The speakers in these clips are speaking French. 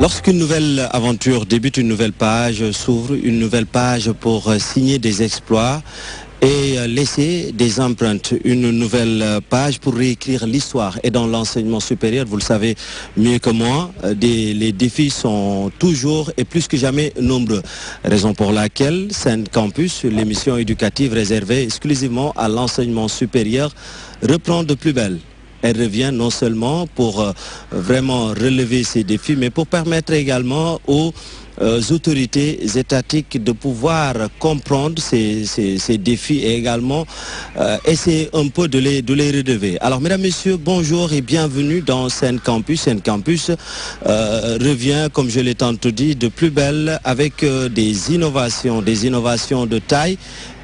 Lorsqu'une nouvelle aventure débute, une nouvelle page s'ouvre, une nouvelle page pour signer des exploits et laisser des empreintes, une nouvelle page pour réécrire l'histoire. Et dans l'enseignement supérieur, vous le savez mieux que moi, les défis sont toujours et plus que jamais nombreux. Raison pour laquelle Saint Campus, l'émission éducative réservée exclusivement à l'enseignement supérieur, reprend de plus belle. Elle revient non seulement pour euh, vraiment relever ces défis, mais pour permettre également aux euh, autorités étatiques de pouvoir comprendre ces, défis et également euh, essayer un peu de les, de relever. Alors, mesdames, messieurs, bonjour et bienvenue dans Seine Campus. Seine Campus revient, comme je l'ai tantôt dit, de plus belle avec des innovations, des innovations de taille.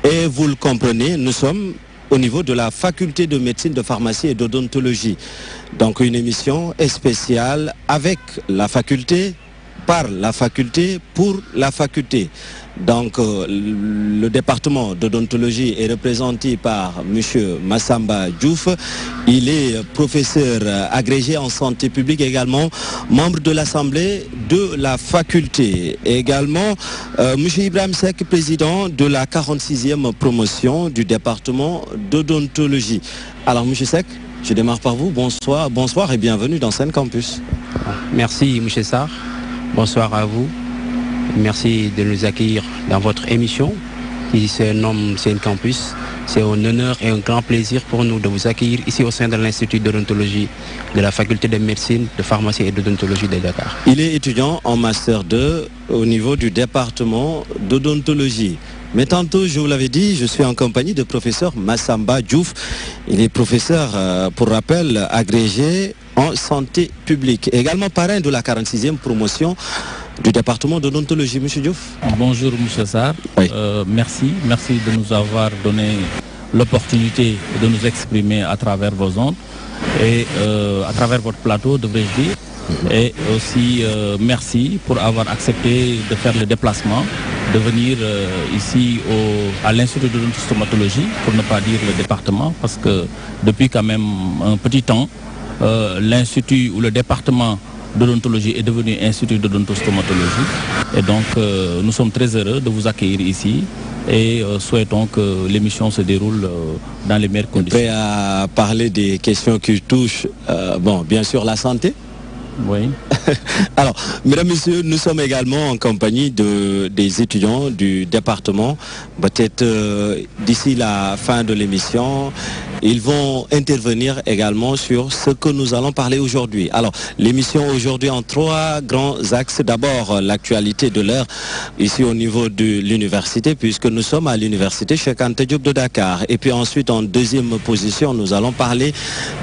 Et vous le comprenez, nous sommes au niveau de la faculté de médecine, de pharmacie et d'odontologie. Donc une émission spéciale avec la faculté, par la faculté, pour la faculté. Donc euh, le département d'odontologie est représenté par M. Massamba Djouf. Il est professeur agrégé en santé publique également, membre de l'Assemblée de la faculté. Également, euh, M. Ibrahim Sek, président de la 46e promotion du département d'odontologie. Alors M. Sek, je démarre par vous. Bonsoir, bonsoir et bienvenue dans ce Campus. Merci M. Sarr. Bonsoir à vous. Merci de nous accueillir dans votre émission C'est un homme, c'est un Campus. C'est un honneur et un grand plaisir pour nous de vous accueillir ici au sein de l'Institut d'odontologie de la Faculté de médecine, de pharmacie et d'odontologie de Dakar. Il est étudiant en Master 2 au niveau du département d'odontologie. Mais tantôt, je vous l'avais dit, je suis en compagnie de professeur Massamba Djouf. Il est professeur, euh, pour rappel, agrégé en santé publique, également parrain de la 46e promotion du département de l'ontologie. Monsieur Diouf. Bonjour, Monsieur Sarr. Euh, merci. Merci de nous avoir donné l'opportunité de nous exprimer à travers vos ondes et euh, à travers votre plateau, devrais-je dire. Mhm. Et aussi, euh, merci pour avoir accepté de faire le déplacement, de venir ici au, à l'Institut de stomatologie, pour ne pas dire le département, parce que depuis quand même un petit temps, l'Institut ou le département d'odontologie est devenu institut d'odontostomatologie. Et donc, euh, nous sommes très heureux de vous accueillir ici et euh, souhaitons que l'émission se déroule euh, dans les meilleures conditions. Prêt à parler des questions qui touchent, bon, bien sûr, la santé oui. Alors, mesdames, messieurs, nous sommes également en compagnie de, des étudiants du département. Peut-être euh, d'ici la fin de l'émission, ils vont intervenir également sur ce que nous allons parler aujourd'hui. Alors, l'émission aujourd'hui en trois grands axes. D'abord, l'actualité de l'heure ici au niveau de l'université, puisque nous sommes à l'université Cheikh Anta Diop de Dakar. Et puis ensuite, en deuxième position, nous allons parler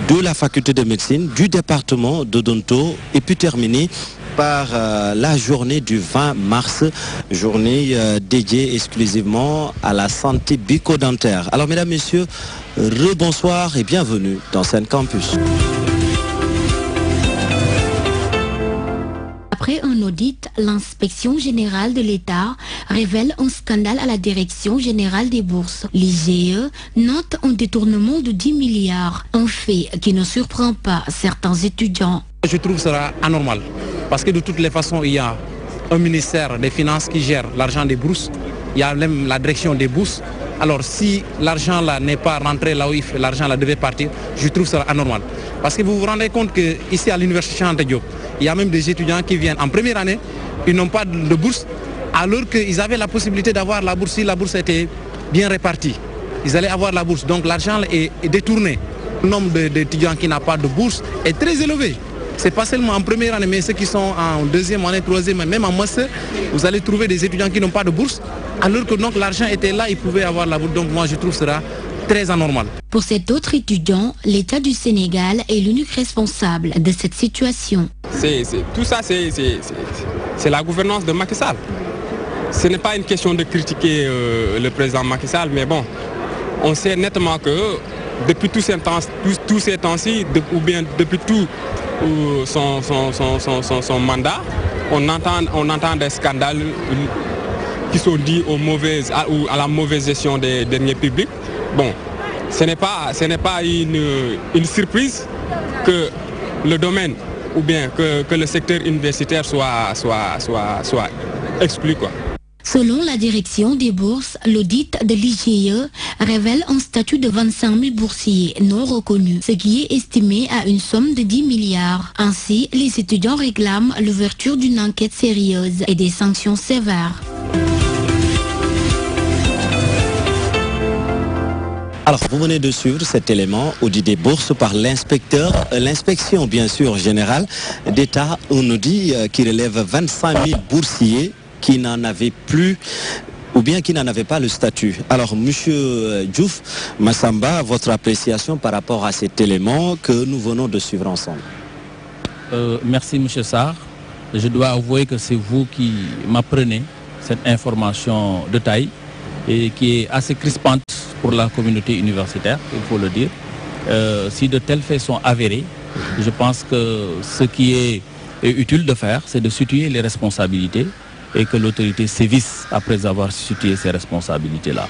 de la faculté de médecine du département de Donto et puis terminé par euh, la journée du 20 mars, journée euh, dédiée exclusivement à la santé bucco-dentaire. Alors mesdames, messieurs, rebonsoir et bienvenue dans Seine Campus. Après un audit, l'inspection générale de l'État révèle un scandale à la direction générale des bourses. L'IGE note un détournement de 10 milliards, un fait qui ne surprend pas certains étudiants. Je trouve que ce sera anormal parce que de toutes les façons, il y a un ministère des Finances qui gère l'argent des bourses, il y a même la direction des bourses. Alors si l'argent là n'est pas rentré là où l'argent là devait partir, je trouve que ce sera anormal. Parce que vous vous rendez compte que ici à l'université Chante Diop, il y a même des étudiants qui viennent en première année, ils n'ont pas de bourse, alors qu'ils avaient la possibilité d'avoir la bourse si la bourse était bien répartie. Ils allaient avoir la bourse, donc l'argent est détourné. Le nombre d'étudiants qui n'ont pas de bourse est très élevé. C'est pas seulement en première année, mais ceux qui sont en deuxième année, troisième, année, même en master, vous allez trouver des étudiants qui n'ont pas de bourse, alors que donc l'argent était là, ils pouvaient avoir la bourse. Donc moi, je trouve cela très anormal. Pour cet autre étudiant, l'État du Sénégal est l'unique responsable de cette situation. C'est, tout ça, c'est la gouvernance de Macky Sall. Ce n'est pas une question de critiquer euh, le président Macky Sall, mais bon, on sait nettement que depuis tous ces temps-ci, tous, ces temps ou bien depuis tout euh, son, mandat, on entend, des scandales euh, qui sont dits aux mauvaises, à, ou à la mauvaise gestion des derniers publics. Bon, ce n'est pas, ce pas une, surprise que le domaine ou bien que, le secteur universitaire soit, soit exclu. Quoi. Selon la direction des bourses, l'audit de l'IGE révèle un statut de 25 000 boursiers non reconnus, ce qui est estimé à une somme de 10 milliards. Ainsi, les étudiants réclament l'ouverture d'une enquête sérieuse et des sanctions sévères. Alors, vous venez de suivre cet élément audit des bourses par l'inspecteur, euh, l'inspection bien sûr générale d'État, on nous dit euh, qu'il relève 25 000 boursiers qui n'en avaient plus ou bien qui n'en avaient pas le statut. Alors, Monsieur euh, Djouf Massamba, votre appréciation par rapport à cet élément que nous venons de suivre ensemble euh, Merci, Monsieur Sarr. Je dois avouer que c'est vous qui m'apprenez cette information de taille et qui est assez crispante pour la communauté universitaire, il faut le dire. Euh, si de tels faits sont avérés, je pense que ce qui est utile de faire, c'est de situer les responsabilités et que l'autorité sévisse après avoir situé ces responsabilités-là.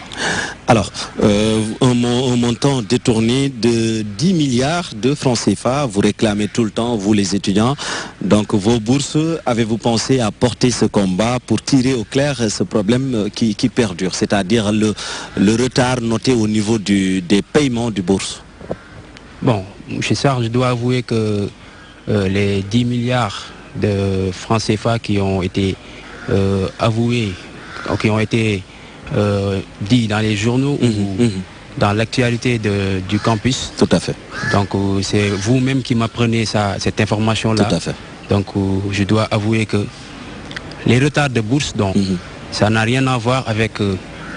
Alors, euh, un, montant détourné de 10 milliards de francs CFA, vous réclamez tout le temps, vous les étudiants. Donc, vos bourses, avez-vous pensé à porter ce combat pour tirer au clair ce problème euh, qui, perdure, c'est-à-dire le, retard noté au niveau des paiements du bourse Bon, M. Sarr, je dois avouer que euh, les 10 milliards de francs CFA qui ont été avouer, euh, avoués, qui ont été euh, dit dans les journaux ou mhm, mhm. dans l'actualité du campus. Tout à fait. Donc euh, c'est vous-même qui m'apprenez cette information-là. Tout à fait. Donc je dois avouer que les retards de bourse, donc, mhm. ça n'a rien à voir avec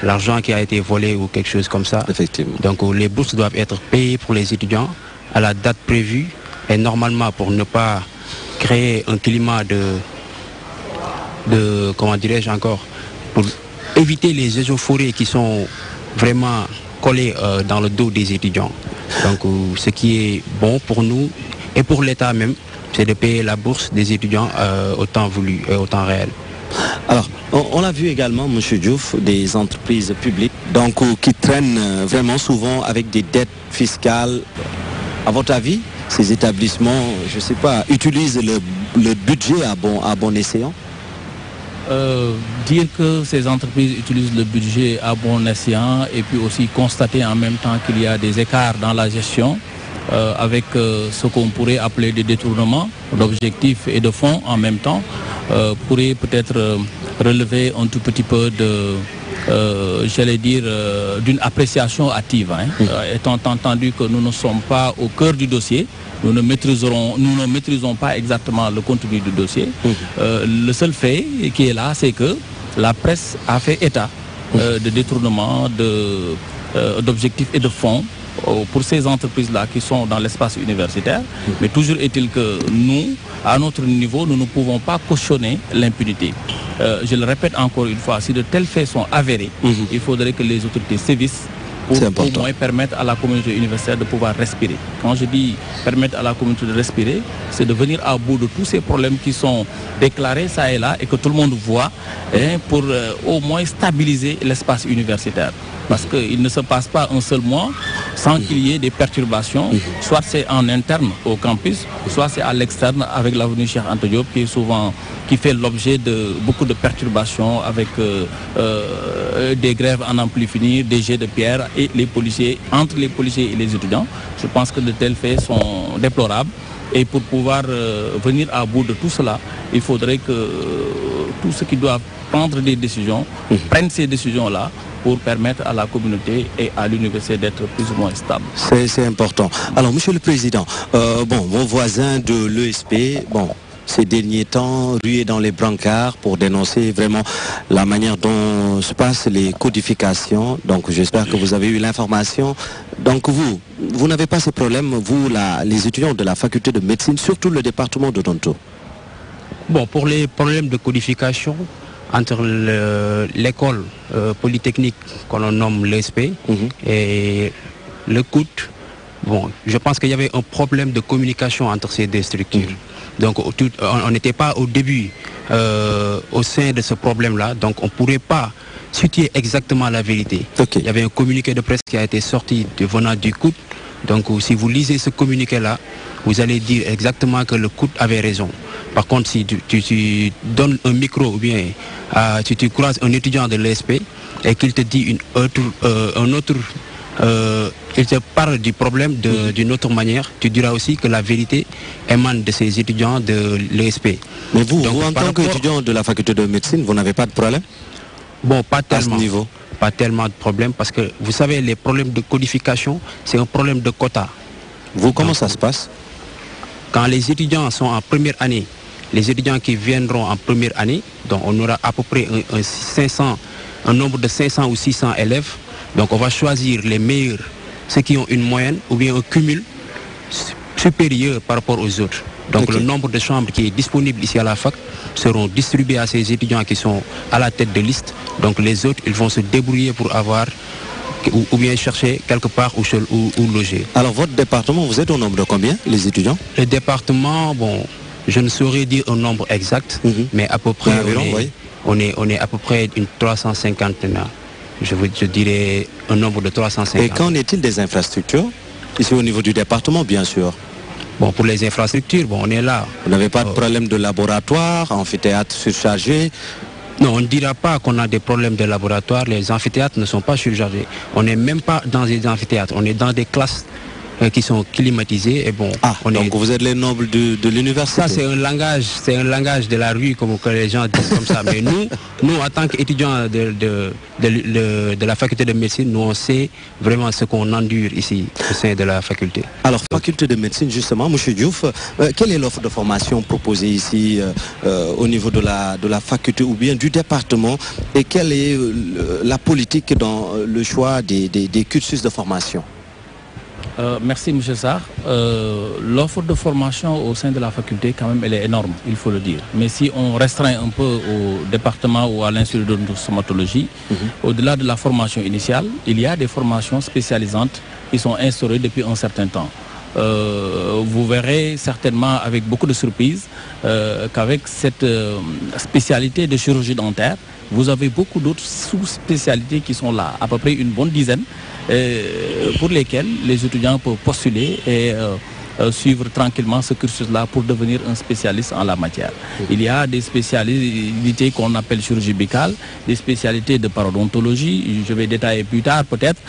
l'argent qui a été volé ou quelque chose comme ça. Effectivement. Donc les bourses doivent être payées pour les étudiants à la date prévue et normalement pour ne pas créer un climat de de, comment dirais-je encore, pour éviter les échauffourées qui sont vraiment collées euh, dans le dos des étudiants. Donc euh, ce qui est bon pour nous et pour l'État même, c'est de payer la bourse des étudiants autant euh, au temps voulu et au réel. Alors, on a vu également, M. Diouf, des entreprises publiques donc, qui traînent vraiment souvent avec des dettes fiscales. À votre avis, ces établissements, je ne sais pas, utilisent le, budget à bon, à bon escient euh, dire que ces entreprises utilisent le budget à bon escient et puis aussi constater en même temps qu'il y a des écarts dans la gestion euh, avec euh, ce qu'on pourrait appeler des détournements d'objectifs et de fonds en même temps pourrait peut-être relever un tout petit peu de euh, j'allais dire, euh, d'une appréciation active. Hein. Euh, étant entendu que nous ne sommes pas au cœur du dossier, nous ne nous ne maîtrisons pas exactement le contenu du dossier. le seul fait qui est là, c'est que la presse a fait état de détournement de d'objectifs et de fonds euh, pour ces entreprises-là qui sont dans l'espace universitaire. Mais toujours est-il que nous, à notre niveau, nous ne pouvons pas cautionner l'impunité. Euh, je le répète encore une fois, si de tels faits sont avérés, mhm. il faudrait que les autorités sévissent pour au moins permettre à la communauté universitaire de pouvoir respirer. Quand je dis permettre à la communauté de respirer, c'est de venir à bout de tous ces problèmes qui sont déclarés ça et là et que tout le monde voit hein, pour euh, au moins stabiliser l'espace universitaire. Parce qu'il ne se passe pas un seul mois sans qu'il y ait des perturbations, soit c'est en interne au campus, soit c'est à l'externe avec l'avenue Cheikh Antonio qui souvent qui fait l'objet de beaucoup de perturbations avec euh, euh, des grèves en ampli des jets de pierre et les policiers, entre les policiers et les étudiants. Je pense que de tels faits sont déplorables. Et pour pouvoir euh, venir à bout de tout cela, il faudrait que euh, tous ceux qui doivent prendre des décisions mhm. prennent ces décisions-là pour permettre à la communauté et à l'université d'être plus ou moins stable. C'est important. Alors, Monsieur le Président, euh, bon, vos voisins de l'ESP, bon, ces derniers temps rué dans les brancards pour dénoncer vraiment la manière dont se passent les codifications. Donc j'espère que vous avez eu l'information. Donc vous, vous n'avez pas ce problème, vous, les étudiants de la faculté de médecine, surtout le département de Tonto. Bon, pour les problèmes de codification, entre l'école euh, polytechnique qu'on nomme l'ESP mhm. et le CUT, bon, je pense qu'il y avait un problème de communication entre ces deux structures. Mhm. Donc on n'était pas au début euh, au sein de ce problème-là, donc on ne pourrait pas soutenir exactement la vérité. Il y avait un communiqué de presse qui a été sorti de venant du coup. Donc si vous lisez ce communiqué-là, vous allez dire exactement que le coup avait raison. Par contre, si tu, donnes un micro ou bien euh, si tu croises un étudiant de l'ESP et qu'il te dit une euh, un autre euh, il te parle du problème d'une autre manière. Tu diras aussi que la vérité émane de ces étudiants de l'ESP. Mais vous, en tant qu'étudiant de la faculté de médecine, vous n'avez pas de problème Bon, pas tellement. niveau Pas tellement de problème parce que vous savez, les problèmes de codification, c'est un problème de quota. Vous, comment ça se passe Quand les étudiants sont en première année, les étudiants qui viendront en première année, donc on aura à peu près un nombre de 500 ou 600 élèves donc on va choisir les meilleurs, ceux qui ont une moyenne ou bien un cumul supérieur par rapport aux autres. Donc le nombre de chambres qui est disponible ici à la fac seront distribués à ces étudiants qui sont à la tête de liste. Donc les autres, ils vont se débrouiller pour avoir ou, bien chercher quelque part où, se loger. Alors votre département, vous êtes au nombre de combien les étudiants Le département, bon, je ne saurais dire un nombre exact, mhm. mais à peu près, on, est, à peu près une 350 je, vous, dirais un nombre de 350. Et qu'en est-il des infrastructures Ici au niveau du département, bien sûr. Bon, pour les infrastructures, bon, on est là. Vous n'avez pas de euh, problème de laboratoire, amphithéâtre surchargé non, on ne dira pas qu'on a des problèmes de laboratoire. Les amphithéâtres ne sont pas surchargés. On n'est même pas dans des amphithéâtres. On est dans des classes euh, qui sont climatisés. Et bon, ah, donc vous êtes les nobles de, de Ça, c'est un langage, c'est un langage de la rue, comme que les gens disent comme ça. Mais nous, nous, en tant qu'étudiants de, la faculté de médecine, nous, on sait vraiment ce qu'on endure ici, au sein de la faculté. Alors, faculté de médecine, justement, M. Diouf, euh, quelle est l'offre de formation proposée ici euh, au niveau de la, de la faculté ou bien du département et quelle est la politique dans le choix des cursus de formation euh, merci, M. Sarr. Euh, l'offre de formation au sein de la faculté, quand même, elle est énorme, il faut le dire. Mais si on restreint un peu au département ou à l'Institut de stomatologie, mhm. au-delà de la formation initiale, il y a des formations spécialisantes qui sont instaurées depuis un certain temps. Euh, vous verrez certainement avec beaucoup de surprise qu'avec cette spécialité de chirurgie dentaire, vous avez beaucoup d'autres sous-spécialités qui sont là, à peu près une bonne dizaine, euh, pour lesquels les étudiants peuvent postuler et euh, euh, suivre tranquillement ce cursus-là pour devenir un spécialiste en la matière. Il y a des spécialités qu'on appelle chirurgie buccale, des spécialités de parodontologie, je vais détailler plus tard peut-être,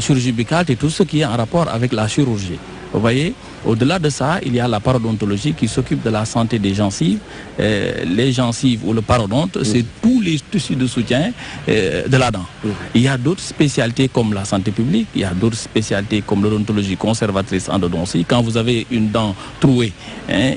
chirurgie buccale et tout ce qui est en rapport avec la chirurgie. Vous voyez au-delà de ça, il y a la parodontologie qui s'occupe de la santé des gencives. Euh, les gencives ou le parodonte, c'est tous les tissus de soutien euh, de la dent. Il y a d'autres spécialités comme la santé publique, il y a d'autres spécialités comme l'odontologie conservatrice endodontie. Quand vous avez une dent trouée, hein,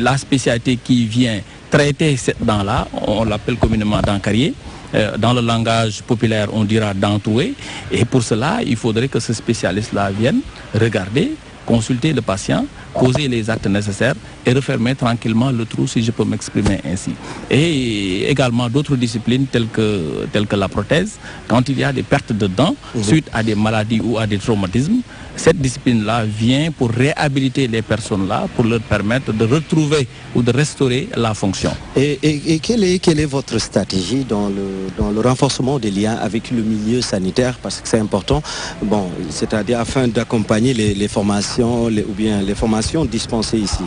la spécialité qui vient traiter cette dent-là, on l'appelle communément dent carrier euh, dans le langage populaire, on dira trouée. Et pour cela, il faudrait que ce spécialiste-là vienne regarder consulter le patient, poser les actes nécessaires et refermer tranquillement le trou, si je peux m'exprimer ainsi. Et également d'autres disciplines telles que, telles que la prothèse, quand il y a des pertes de dents mhm. suite à des maladies ou à des traumatismes, cette discipline-là vient pour réhabiliter les personnes-là, pour leur permettre de retrouver ou de restaurer la fonction. Et, quelle, est, quelle est votre stratégie dans le, renforcement des liens avec le milieu sanitaire Parce que c'est important, bon, c'est-à-dire afin d'accompagner les formations ou bien les formations dispensées ici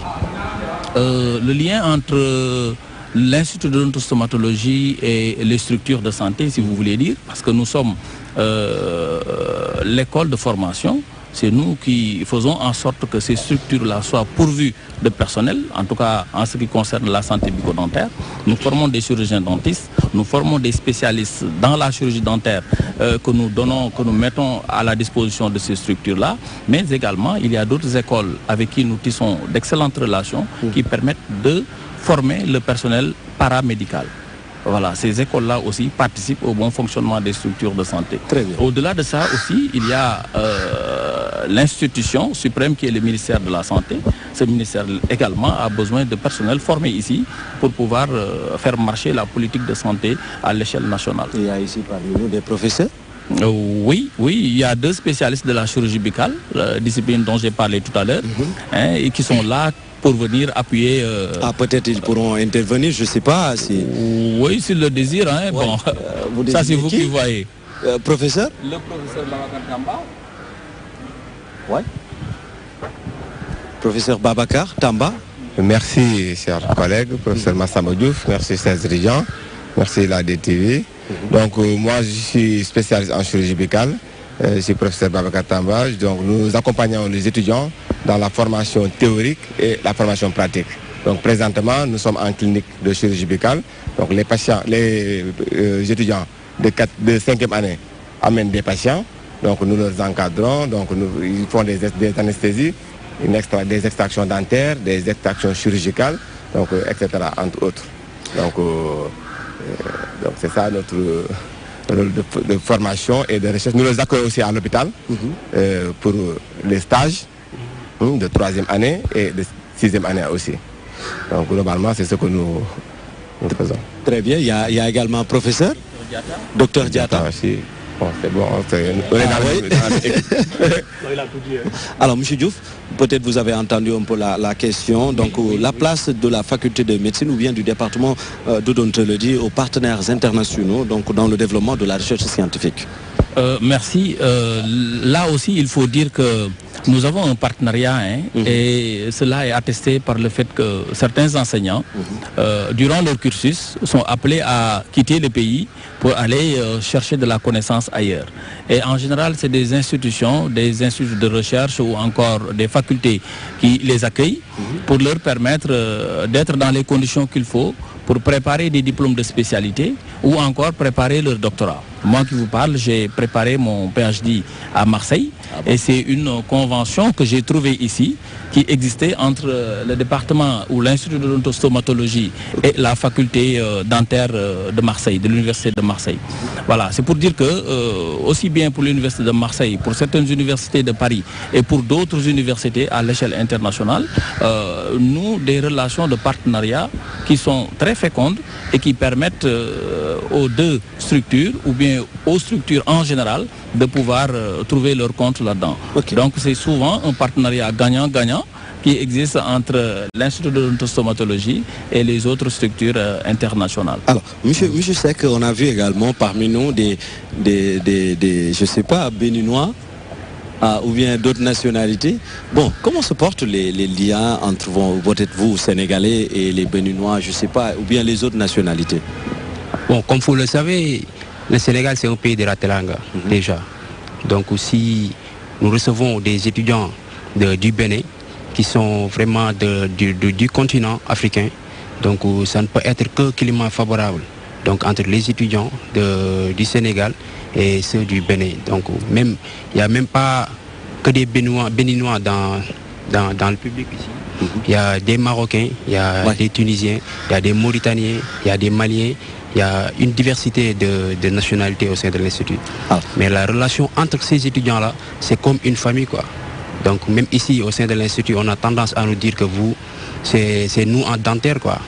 euh, Le lien entre l'Institut de l'Ontostomatologie et les structures de santé, si vous voulez dire, parce que nous sommes euh, l'école de formation c'est nous qui faisons en sorte que ces structures-là soient pourvues de personnel, en tout cas en ce qui concerne la santé bucco-dentaire. Nous formons des chirurgiens dentistes, nous formons des spécialistes dans la chirurgie dentaire euh, que nous donnons, que nous mettons à la disposition de ces structures-là, mais également il y a d'autres écoles avec qui nous tissons d'excellentes relations qui permettent de former le personnel paramédical. Voilà, ces écoles-là aussi participent au bon fonctionnement des structures de santé. Au-delà de ça aussi, il y a euh, l'institution suprême qui est le ministère de la Santé, ce ministère également a besoin de personnel formé ici pour pouvoir euh, faire marcher la politique de santé à l'échelle nationale. Il y a ici parmi nous des professeurs euh, oui, oui, il y a deux spécialistes de la chirurgie buccale, discipline dont j'ai parlé tout à l'heure, mhm. hein, et qui sont là pour venir appuyer. Euh, ah, peut-être ils pourront intervenir, je ne sais pas. Si... Oui, s'ils le désir, Hein, bon, ça, c'est vous qui, voyez. professeur Le professeur oui. Professeur Babacar Tamba. Merci, chers collègues, professeur mhm. Massamodouf, merci, chers dirigeants, merci, la DTV. Mhm. Donc, euh, moi, je suis spécialiste en chirurgie bicale, euh, je suis professeur Babacar Tamba. Donc, nous accompagnons les étudiants dans la formation théorique et la formation pratique. Donc, présentement, nous sommes en clinique de chirurgie bicale. Donc, les patients, les euh, étudiants de, 4, de 5e année amènent des patients donc nous les encadrons, donc ils font des, anesthésies, des extractions dentaires, des extractions chirurgicales, donc, euh, etc. entre autres. Euh, euh, donc c'est ça notre rôle de, formation et de recherche. Nous les accueillons aussi à l'hôpital mhm. pour les stages hein, de troisième année et de sixième année aussi. Donc globalement, c'est ce que nous, faisons. Très bien. Il y a, également un professeur, docteur Diata. Oh, c'est bon, hein, ah, ah, hein. Alors, M. Diouf, peut-être vous avez entendu un peu la, question. Donc, la place de la faculté de médecine ou bien du département le euh, d'odontologie aux partenaires internationaux, donc dans le développement de la recherche scientifique. Euh, merci. Euh, là aussi, il faut dire que nous avons un partenariat hein, mhm. et cela est attesté par le fait que certains enseignants, mhm. euh, durant leur cursus, sont appelés à quitter le pays pour aller euh, chercher de la connaissance ailleurs. Et en général, c'est des institutions, des instituts de recherche ou encore des facultés qui les accueillent mhm. pour leur permettre euh, d'être dans les conditions qu'il faut pour préparer des diplômes de spécialité ou encore préparer leur doctorat. Moi qui vous parle, j'ai préparé mon PhD à Marseille ah et c'est une convention que j'ai trouvée ici qui existait entre euh, le département ou l'Institut de stomatologie et la faculté euh, dentaire euh, de Marseille, de l'Université de Marseille. Voilà, c'est pour dire que aussi bien pour l'Université de Marseille, pour certaines universités de Paris et pour d'autres universités à l'échelle internationale, nous, des relations de partenariat qui sont très fécondes et qui permettent euh, aux deux structures ou bien aux structures en général de pouvoir euh, trouver leur compte là-dedans. Donc c'est souvent un partenariat gagnant-gagnant qui existe entre euh, l'Institut de stomatologie et les autres structures internationales. Alors, monsieur, je sais qu'on a vu également parmi nous des, je ne sais pas, béninois ah, ou bien d'autres nationalités. Bon, comment se portent les, liens entre vous, peut-être vous, Sénégalais, et les béninois, je ne sais pas, ou bien les autres nationalités Bon, comme vous le savez, le Sénégal, c'est un pays de la Telanga, mhm. déjà. Donc, si nous recevons des étudiants du Bénin, qui sont vraiment du, continent africain, donc euh, ça ne peut être que climat favorable. Donc entre les étudiants du Sénégal et ceux du Bénin. Donc même il n'y a même pas que des Béninois, dans, le public ici. Mhm. Il y a des Marocains, il y a des Tunisiens, il y a des Mauritaniens, il y a des Maliens, il y a une diversité de, nationalités au sein de l'Institut. Ah. Mais la relation entre ces étudiants-là, c'est comme une famille. quoi. Donc même ici, au sein de l'Institut, on a tendance à nous dire que vous, c'est nous en dentaire. quoi.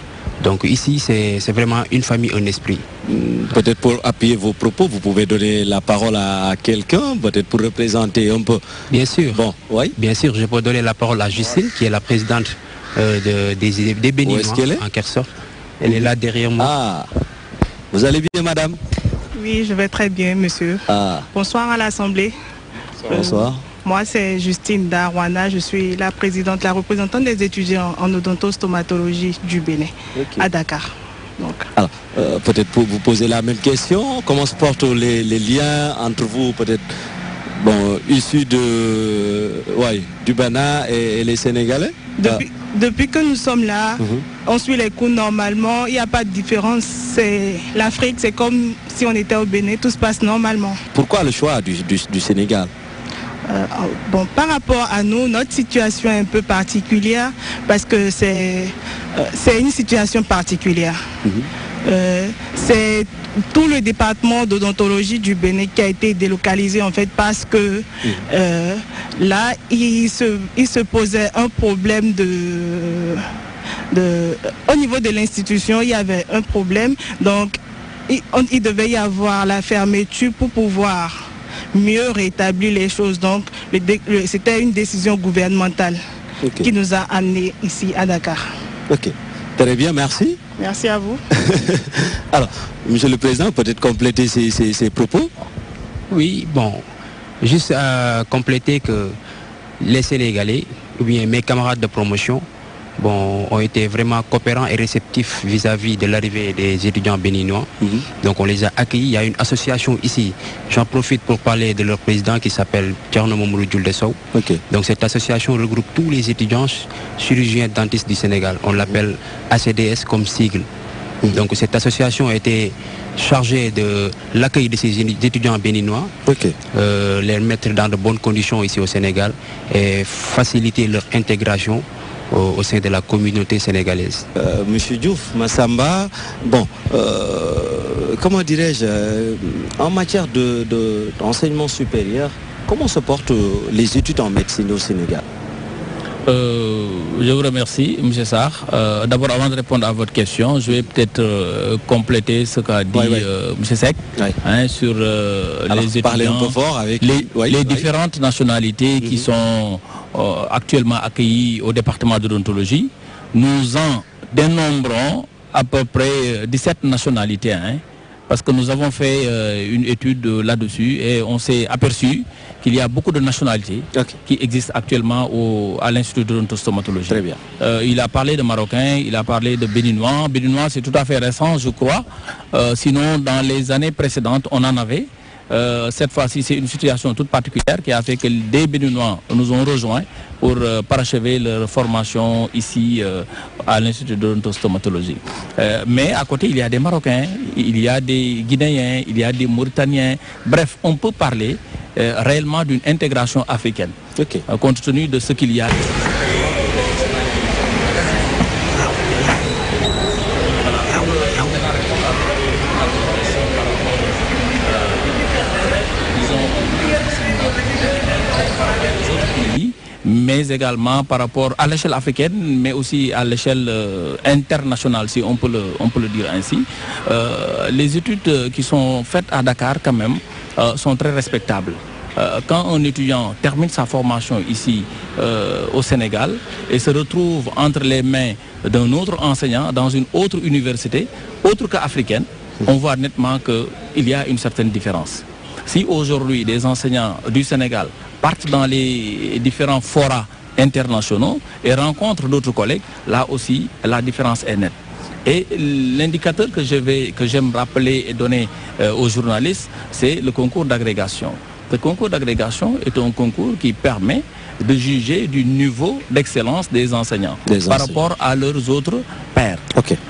Donc ici, c'est vraiment une famille, en esprit. Hmm, peut-être pour appuyer vos propos, vous pouvez donner la parole à quelqu'un, peut-être pour représenter un peu. Bien sûr. Bon, oui. Bien sûr, je peux donner la parole à Justine, qui est la présidente euh, de, des, des bénévoles, en quelque sorte. Elle est là derrière moi. Ah. Vous allez bien, madame Oui, je vais très bien, monsieur. Ah. Bonsoir à l'Assemblée. Bonsoir. Euh, moi, c'est Justine Darwana. Je suis la présidente, la représentante des étudiants en odontostomatologie du Bénin, à Dakar. Donc. Alors, euh, peut-être pour vous poser la même question, comment se portent les liens entre vous, peut-être bon, euh, issus de, euh, ouais, du Bana et, les Sénégalais depuis, que nous sommes là, mhm. on suit les coups normalement, il n'y a pas de différence. L'Afrique, c'est comme si on était au Bénin, tout se passe normalement. Pourquoi le choix du, Sénégal euh, oh, bon, par rapport à nous, notre situation est un peu particulière parce que c'est une situation particulière. Mhm. Euh, c'est tout le département d'odontologie du Bénin qui a été délocalisé en fait parce que mm. euh, là il se, posait un problème de, au niveau de l'institution il y avait un problème donc il, devait y avoir la fermeture pour pouvoir mieux rétablir les choses donc c'était une décision gouvernementale qui nous a amenés ici à Dakar. Très bien, merci. Merci à vous. Alors, Monsieur le Président, peut-être compléter ses propos Oui, bon, juste à euh, compléter que les Sénégalais, ou bien mes camarades de promotion, bon, ont été vraiment coopérants et réceptifs vis-à-vis de l'arrivée des étudiants béninois. Mhm. Donc on les a accueillis. Il y a une association ici. J'en profite pour parler de leur président qui s'appelle Tcherno Momuru Djuldesou. Donc cette association regroupe tous les étudiants chirurgiens dentistes du Sénégal. On l'appelle ACDS comme sigle. Mhm. Donc cette association a été chargée de l'accueil de ces étudiants béninois, euh, les mettre dans de bonnes conditions ici au Sénégal et faciliter leur intégration au, sein de la communauté sénégalaise. Euh, Monsieur Diouf, Massamba, bon, euh, comment dirais-je, euh, en matière d'enseignement supérieur, comment se portent les études en médecine au Sénégal euh, je vous remercie, M. Sarr. Euh, d'abord, avant de répondre à votre question, je vais peut-être euh, compléter ce qu'a dit M. Sec hein, sur les les, différentes nationalités qui mhm. sont actuellement accueillies au département de d'odontologie. Nous en dénombrons à peu près 17 nationalités. Hein parce que nous avons fait euh, une étude euh, là-dessus et on s'est aperçu qu'il y a beaucoup de nationalités qui existent actuellement au, à l'Institut de l'Ontostomatologie. Très bien. Euh, il a parlé de Marocains, il a parlé de Béninois. Béninois, c'est tout à fait récent, je crois. sinon, dans les années précédentes, on en avait. Euh, cette fois-ci, c'est une situation toute particulière qui a fait que des Béninois nous ont rejoints pour euh, parachever leur formation ici euh, à l'Institut de d'odontostomatologie. mais à côté, il y a des Marocains, il y a des Guinéens, il y a des Mauritaniens. Bref, on peut parler réellement d'une intégration africaine, compte tenu de ce qu'il y a. mais également par rapport à l'échelle africaine, mais aussi à l'échelle euh, internationale, si on peut le, on peut le dire ainsi. Euh, les études euh, qui sont faites à Dakar, quand même, sont très respectables quand un étudiant termine sa formation ici au Sénégal et se retrouve entre les mains d'un autre enseignant dans une autre université, autre qu'africaine, on voit nettement qu'il y a une certaine différence. Si aujourd'hui des enseignants du Sénégal partent dans les différents forats internationaux et rencontrent d'autres collègues, là aussi, la différence est nette. Et l'indicateur que j'aime rappeler et donner euh, aux journalistes, c'est le concours d'agrégation. Le concours d'agrégation est un concours qui permet de juger du niveau d'excellence des enseignants par rapport à leurs autres pairs.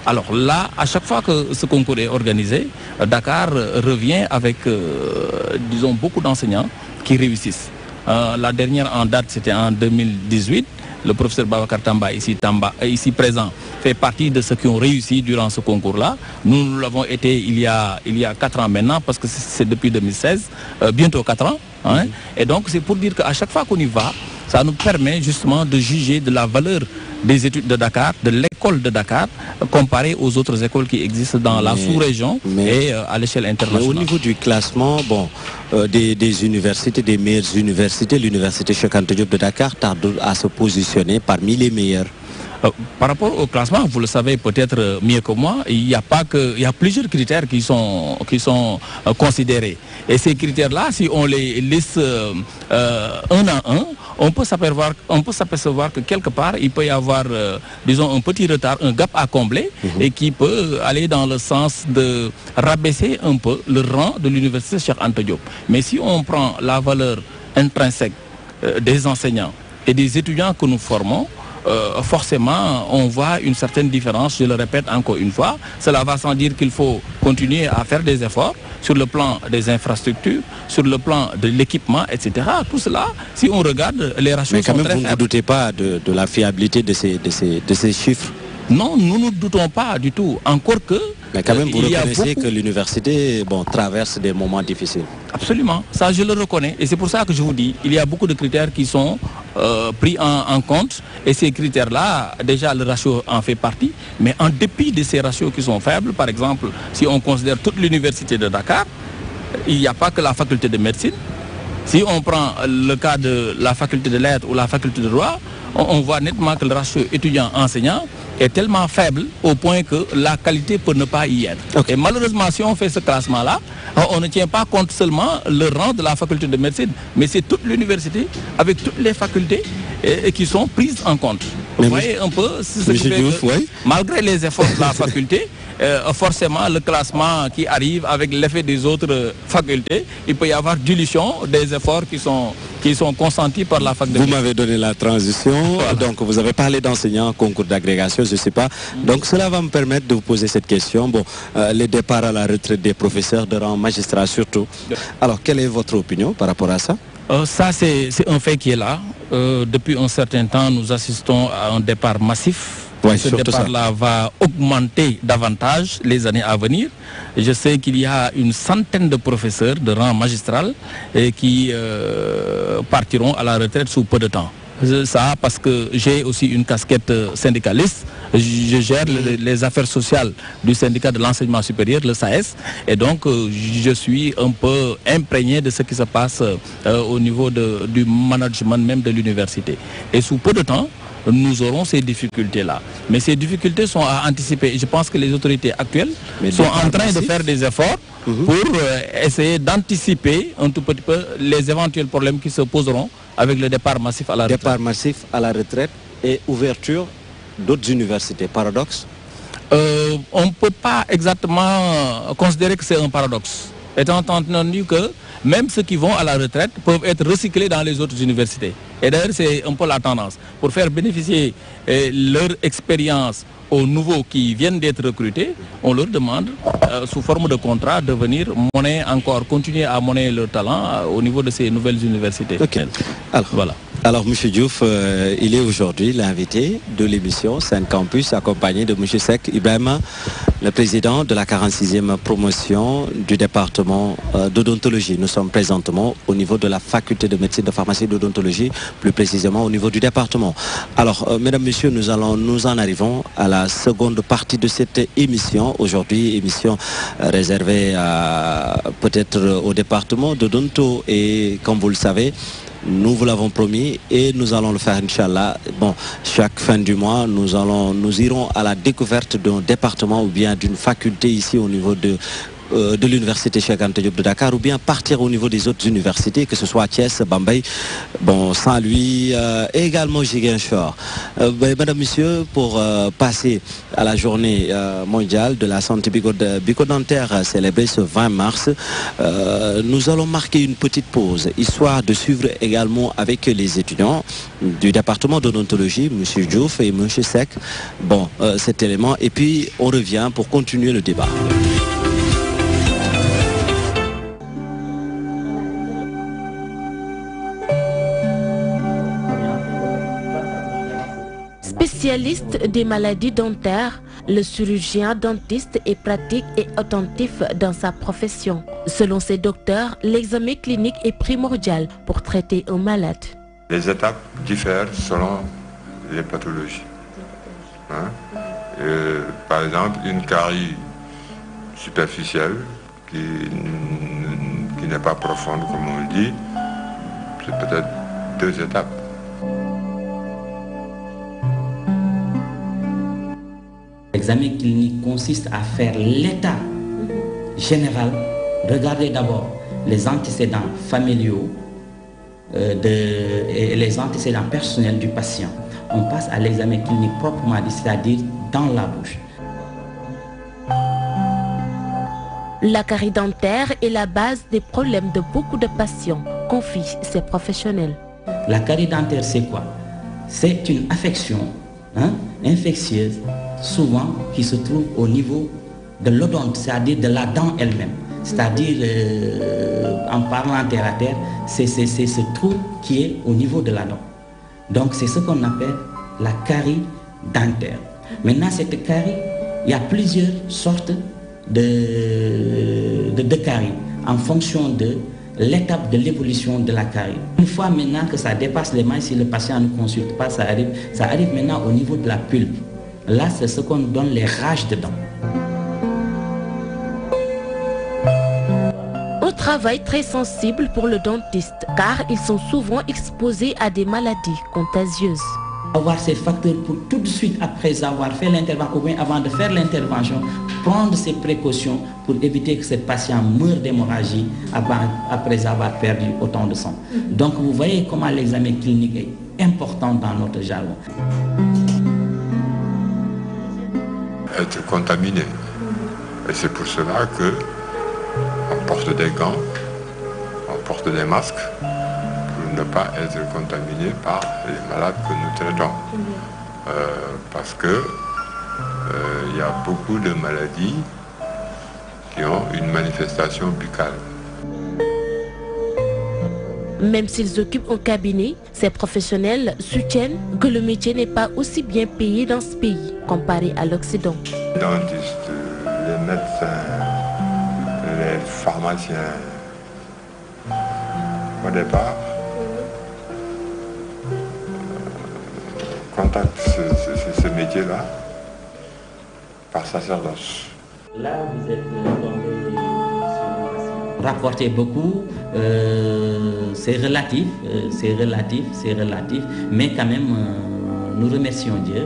Alors là, à chaque fois que ce concours est organisé, euh, Dakar revient avec, euh, disons, beaucoup d'enseignants qui réussissent. Euh, la dernière en date, c'était en 2018. Le professeur Babacar Tamba, euh, ici, présent, fait partie de ceux qui ont réussi durant ce concours-là. Nous, nous l'avons été il y, a, il y a 4 ans maintenant, parce que c'est depuis 2016, euh, bientôt 4 ans. Hein. Et donc, c'est pour dire qu'à chaque fois qu'on y va, ça nous permet justement de juger de la valeur des études de Dakar, de l'école de Dakar, comparé aux autres écoles qui existent dans la sous-région et euh, à l'échelle internationale. au niveau du classement, bon, euh, des, universités, des meilleures universités, l'université Anta Diop de Dakar tarde à se positionner parmi les meilleures. Euh, par rapport au classement, vous le savez peut-être euh, mieux que moi, il a pas y a plusieurs critères qui sont, qui sont euh, considérés. Et ces critères-là, si on les liste un à un, on peut s'apercevoir, on peut s'apercevoir que quelque part, il peut y avoir, disons, un petit retard, un gap à combler, mhm. et qui peut aller dans le sens de rabaisser un peu le rang de l'université Cheikh Anta Mais si on prend la valeur intrinsèque des enseignants et des étudiants que nous formons, euh, forcément, on voit une certaine différence, je le répète encore une fois. Cela va sans dire qu'il faut continuer à faire des efforts sur le plan des infrastructures, sur le plan de l'équipement, etc. Tout cela, si on regarde, les ratios Mais quand vous ne doutez pas de, la fiabilité de ces, de ces chiffres Non, nous ne doutons pas du tout. Encore que mais quand euh, même, vous reconnaissez que l'université bon, traverse des moments difficiles. Absolument, ça je le reconnais. Et c'est pour ça que je vous dis, il y a beaucoup de critères qui sont euh, pris en, compte. Et ces critères-là, déjà le ratio en fait partie. Mais en dépit de ces ratios qui sont faibles, par exemple, si on considère toute l'université de Dakar, il n'y a pas que la faculté de médecine. Si on prend le cas de la faculté de lettres ou la faculté de droit, on voit nettement que le ratio étudiant-enseignant est tellement faible au point que la qualité peut ne pas y être. Et malheureusement, si on fait ce classement-là, on ne tient pas compte seulement le rang de la faculté de médecine, mais c'est toute l'université avec toutes les facultés et, qui sont prises en compte. vous voyez un peu malgré les efforts de la faculté, euh, forcément le classement qui arrive avec l'effet des autres facultés, il peut y avoir dilution des efforts qui sont qui sont consentis par la fac de Vous m'avez donné la transition, donc vous avez parlé d'enseignants, concours d'agrégation, je ne sais pas. Donc cela va me permettre de vous poser cette question. Bon, euh, les départs à la retraite des professeurs de rang magistrats surtout. Alors quelle est votre opinion par rapport à ça euh, ça, c'est un fait qui est là. Euh, depuis un certain temps, nous assistons à un départ massif ce départ-là va augmenter davantage les années à venir. Je sais qu'il y a une centaine de professeurs de rang magistral qui euh, partiront à la retraite sous peu de temps ça parce que j'ai aussi une casquette euh, syndicaliste. Je gère les affaires sociales du syndicat de l'enseignement supérieur, le SAS. et donc euh, je suis un peu imprégné de ce qui se passe au niveau du management même de l'université. Et sous peu de temps, nous aurons ces difficultés-là. Mais ces difficultés sont à anticiper. Je pense que les autorités actuelles sont en train de faire des efforts mhm. pour euh, essayer d'anticiper un tout petit peu les éventuels problèmes qui se poseront avec le départ massif à la retraite. Départ massif à la retraite et ouverture d'autres universités. Paradoxe euh, On ne peut pas exactement considérer que c'est un paradoxe étant entendu que même ceux qui vont à la retraite peuvent être recyclés dans les autres universités. Et d'ailleurs, c'est un peu la tendance. Pour faire bénéficier eh, leur expérience aux nouveaux qui viennent d'être recrutés, on leur demande, euh, sous forme de contrat, de venir monnaie encore, continuer à monnaie leur talent euh, au niveau de ces nouvelles universités. voilà. Alors, M. Diouf, euh, il est aujourd'hui l'invité de l'émission Saint Campus, accompagné de M. Sek Ibrahim, le président de la 46e promotion du département euh, d'odontologie. Nous sommes présentement au niveau de la faculté de médecine de pharmacie d'odontologie, plus précisément au niveau du département. Alors, euh, mesdames, messieurs, nous, allons, nous en arrivons à la seconde partie de cette émission. Aujourd'hui, émission réservée peut-être au département d'odonto et, comme vous le savez, nous vous l'avons promis et nous allons le faire, Inch'Allah. Bon, chaque fin du mois, nous, allons, nous irons à la découverte d'un département ou bien d'une faculté ici au niveau de euh, de l'université Cheikh Anta Diop de Dakar ou bien partir au niveau des autres universités, que ce soit Thiès, Bambay, bon, Saint-Louis et euh, également Giguinchor. Euh, Mesdames, madame, pour euh, passer à la journée mondiale de la santé bicodentaire célébrée ce 20 mars, nous allons marquer une petite pause, histoire de suivre également avec les étudiants du département d'odontologie, monsieur Diouf et monsieur Sec, bon, cet élément. Et puis, on revient pour continuer le débat. Spécialiste des maladies dentaires, le chirurgien dentiste est pratique et attentif dans sa profession. Selon ses docteurs, l'examen clinique est primordial pour traiter un malade. Les étapes diffèrent selon les pathologies. Hein. Euh, par exemple, une carie superficielle qui, qui n'est pas profonde, comme on le dit, c'est peut-être deux étapes. L'examen clinique consiste à faire l'état général, regarder d'abord les antécédents familiaux euh, et les antécédents personnels du patient. On passe à l'examen clinique proprement dit, c'est-à-dire dans la bouche. La carie dentaire est la base des problèmes de beaucoup de patients, confie ces professionnels. La carie dentaire, c'est quoi C'est une affection hein, infectieuse souvent qui se trouve au niveau de l'odonte, c'est-à-dire de la dent elle-même. C'est-à-dire, euh, en parlant terre à terre, c'est ce trou qui est au niveau de la dent. Donc c'est ce qu'on appelle la carie dentaire. Maintenant, cette carie, il y a plusieurs sortes de, caries en fonction de l'étape de l'évolution de la carie. Une fois maintenant que ça dépasse les mailles, si le patient ne consulte pas, ça arrive, ça arrive maintenant au niveau de la pulpe. Là, c'est ce qu'on donne les rages dedans. Un travail très sensible pour le dentiste, car ils sont souvent exposés à des maladies contagieuses avoir ces facteurs pour tout de suite après avoir fait l'intervention avant de faire l'intervention, prendre ces précautions pour éviter que ces patients meurent d'hémorragie après avoir perdu autant de sang. Mm-hmm. Donc vous voyez comment l'examen clinique est important dans notre jargon être contaminé. Et c'est pour cela que on porte des gants, on porte des masques pour ne pas être contaminé par les malades que nous traitons. Euh, parce que euh, il y a beaucoup de maladies qui ont une manifestation buccale. Même s'ils occupent un cabinet, ces professionnels soutiennent que le métier n'est pas aussi bien payé dans ce pays comparé à l'Occident. Les dentistes, les médecins, les pharmaciens, au départ, contactent ce, métier-là par sacerdoce. Là, vous êtes tombé rapporter beaucoup. Euh, c'est relatif, euh, c'est relatif, c'est relatif, mais quand même, euh, nous remercions Dieu.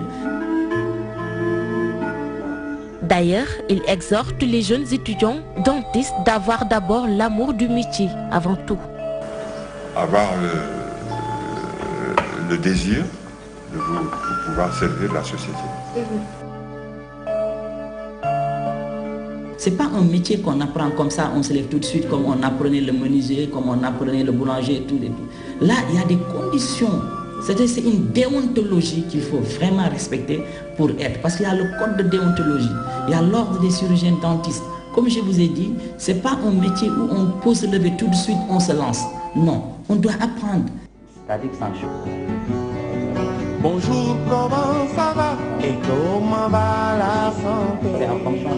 D'ailleurs, il exhorte les jeunes étudiants dentistes d'avoir d'abord l'amour du métier avant tout. Avoir le, désir de vous, pouvoir servir la société. Mhm. C'est pas un métier qu'on apprend comme ça, on se lève tout de suite comme on apprenait le menuisier, comme on apprenait le boulanger, tout, et tout. Là, il y a des conditions. cest une déontologie qu'il faut vraiment respecter pour être. Parce qu'il y a le code de déontologie, il y a l'ordre des chirurgiens dentistes. Comme je vous ai dit, c'est pas un métier où on peut se lever tout de suite, on se lance. Non, on doit apprendre. Bonjour, va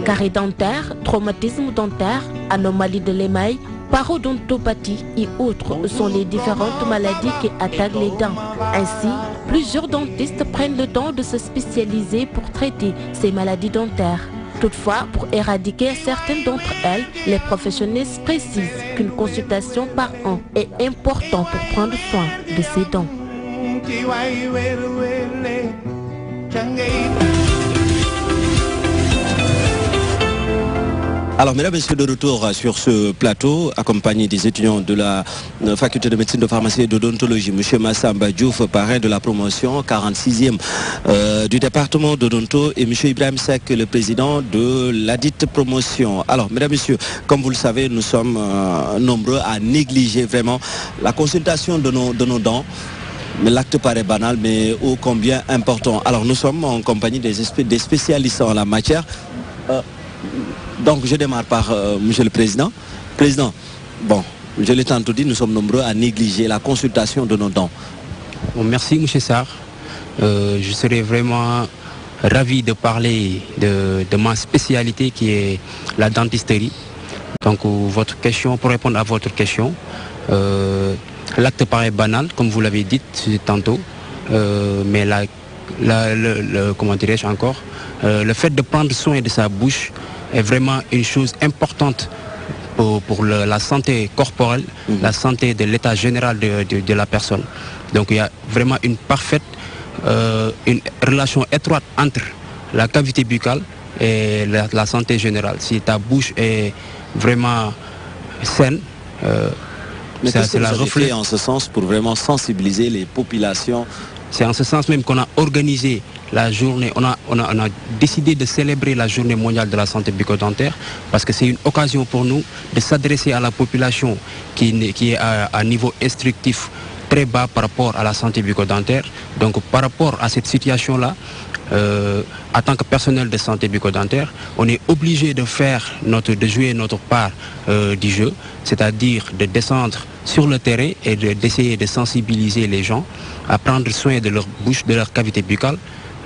Carré dentaire, traumatisme dentaire, anomalie de l'émail, parodontopathie et autres sont les différentes maladies qui attaquent les dents. Ainsi, plusieurs dentistes prennent le temps de se spécialiser pour traiter ces maladies dentaires. Toutefois, pour éradiquer certaines d'entre elles, les professionnels précisent qu'une consultation par an est importante pour prendre soin de ces dents. Alors, mesdames et messieurs, de retour sur ce plateau, accompagné des étudiants de la euh, faculté de médecine de pharmacie et d'odontologie, M. Massamba Diouf, parrain de la promotion 46e euh, du département d'odonto, et M. Ibrahim Sek, le président de la dite promotion. Alors, mesdames et messieurs, comme vous le savez, nous sommes euh, nombreux à négliger vraiment la consultation de de nos dents mais L'acte paraît banal, mais ô combien important. Alors nous sommes en compagnie des, spécialistes en la matière. Euh, donc je démarre par euh, Monsieur le Président. Président, bon, je l'ai tantôt dit, nous sommes nombreux à négliger la consultation de nos dents. Bon, merci Monsieur Sarr. Euh, je serais vraiment ravi de parler de, de, ma spécialité qui est la dentisterie. Donc votre question, pour répondre à votre question, L'acte paraît banal, comme vous l'avez dit tantôt, euh, mais la, le, comment encore, euh, le fait de prendre soin de sa bouche est vraiment une chose importante pour, la santé corporelle, mhm. la santé de l'état général de, la personne. Donc il y a vraiment une parfaite euh, une relation étroite entre la cavité buccale et la, santé générale. Si ta bouche est vraiment saine, c'est la reflet en ce sens pour vraiment sensibiliser les populations. C'est en ce sens même qu'on a organisé la journée, on a, on, a, décidé de célébrer la journée mondiale de la santé bucco-dentaire parce que c'est une occasion pour nous de s'adresser à la population qui, qui est à un niveau instructif très bas par rapport à la santé bucco-dentaire. Donc par rapport à cette situation-là, euh, en tant que personnel de santé bucco on est obligé de faire notre, de jouer notre part euh, du jeu, c'est-à-dire de descendre sur le terrain et d'essayer de, sensibiliser les gens à prendre soin de leur bouche, de leur cavité buccale,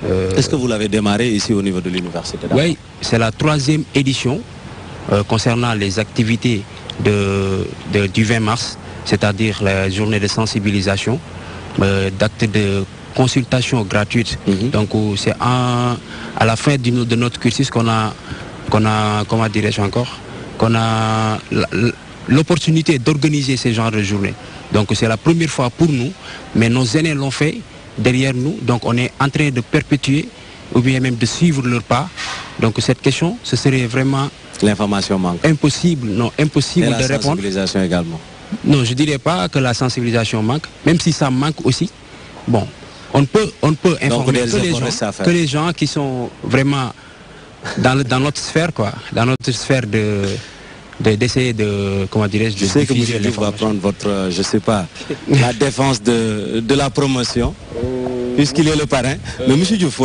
euh, Est-ce que vous l'avez démarré ici au niveau de l'université Oui, c'est la troisième édition concernant les activités du 20 mars, c'est-à-dire la journée de sensibilisation, euh, d'actes de consultation gratuite. Mhm. Donc euh, c'est à la fin de notre cursus qu'on a, qu'on a comment dirais-je encore, qu'on a l'opportunité d'organiser ce genre de journée. Donc c'est la première fois pour nous, mais nos aînés l'ont fait derrière nous, donc on est en train de perpétuer ou bien même de suivre leur pas. Donc cette question, ce serait vraiment... L'information manque. Impossible, non, impossible de répondre. sensibilisation également. Non, je dirais pas que la sensibilisation manque, même si ça manque aussi. Bon, on peut, on peut informer que les, gens, que les, gens, qui sont vraiment dans, notre sphère, quoi, dans notre sphère de d'essayer de, comment dirais-je de je sais que prendre votre euh, je sais pas la défense de, la promotion puisqu'il est le parrain. Le euh, mais Monsieur Diouf,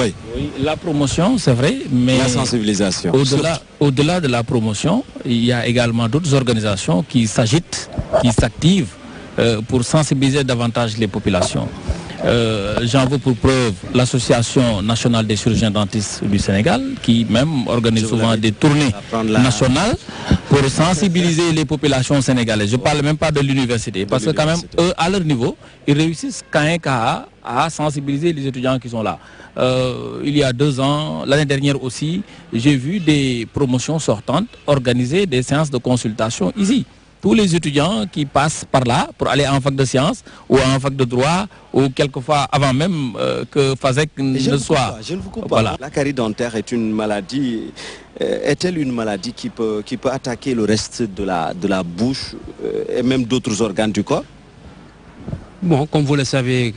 La promotion, c'est vrai, mais... La sensibilisation. Au-delà au -delà de la promotion, il y a également d'autres organisations qui s'agitent, qui s'activent euh, pour sensibiliser davantage les populations. Euh, j'en veux pour preuve l'Association nationale des chirurgiens dentistes du Sénégal, qui même organise souvent des tournées nationales pour sensibiliser les populations sénégalaises. Je ne parle même pas de l'université, parce que quand même, eux, à leur niveau, ils réussissent quand même à, sensibiliser les étudiants qui sont là. Euh, il y a deux ans, l'année dernière aussi, j'ai vu des promotions sortantes organiser des séances de consultation ici tous les étudiants qui passent par là pour aller en fac de sciences ou en fac de droit ou quelquefois avant même euh, que FASEC ne soit. je vous pas. La carie dentaire est une maladie. Euh, est-elle une maladie qui peut, qui peut attaquer le reste de la, de la bouche euh, et même d'autres organes du corps Bon, comme vous le savez,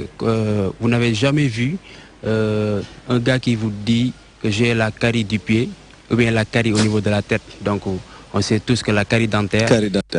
vous n'avez jamais vu un gars qui vous dit que j'ai la carie du pied ou bien la carie au niveau de la tête. Donc, on sait tous que la carie dentaire,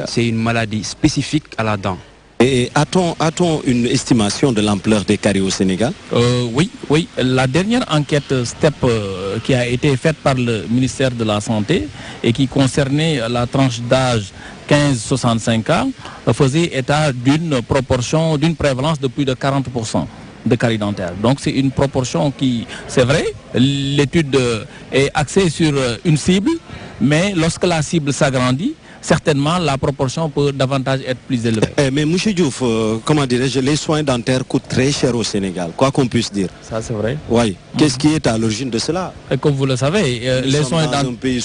c'est une maladie spécifique à la dent. Et a-t-on, une estimation de l'ampleur des caries au Sénégal euh, Oui, oui. La dernière enquête euh, STEP euh, qui a été faite par le ministère de la Santé et qui concernait la tranche d'âge 15-65 ans faisait état d'une proportion, d'une prévalence de plus de 40% de caries dentaires. Donc c'est une proportion qui, c'est vrai, l'étude euh, est axée sur euh, une cible, mais lorsque la cible s'agrandit, certainement la proportion peut davantage être plus élevée. Eh, eh, mais M. Diouf, euh, comment dirais-je, les soins dentaires coûtent très cher au Sénégal, quoi qu'on puisse dire. Ça c'est vrai. Oui. Mhm. Qu'est-ce qui est à l'origine de cela Comme vous le savez, les, soins dans un pays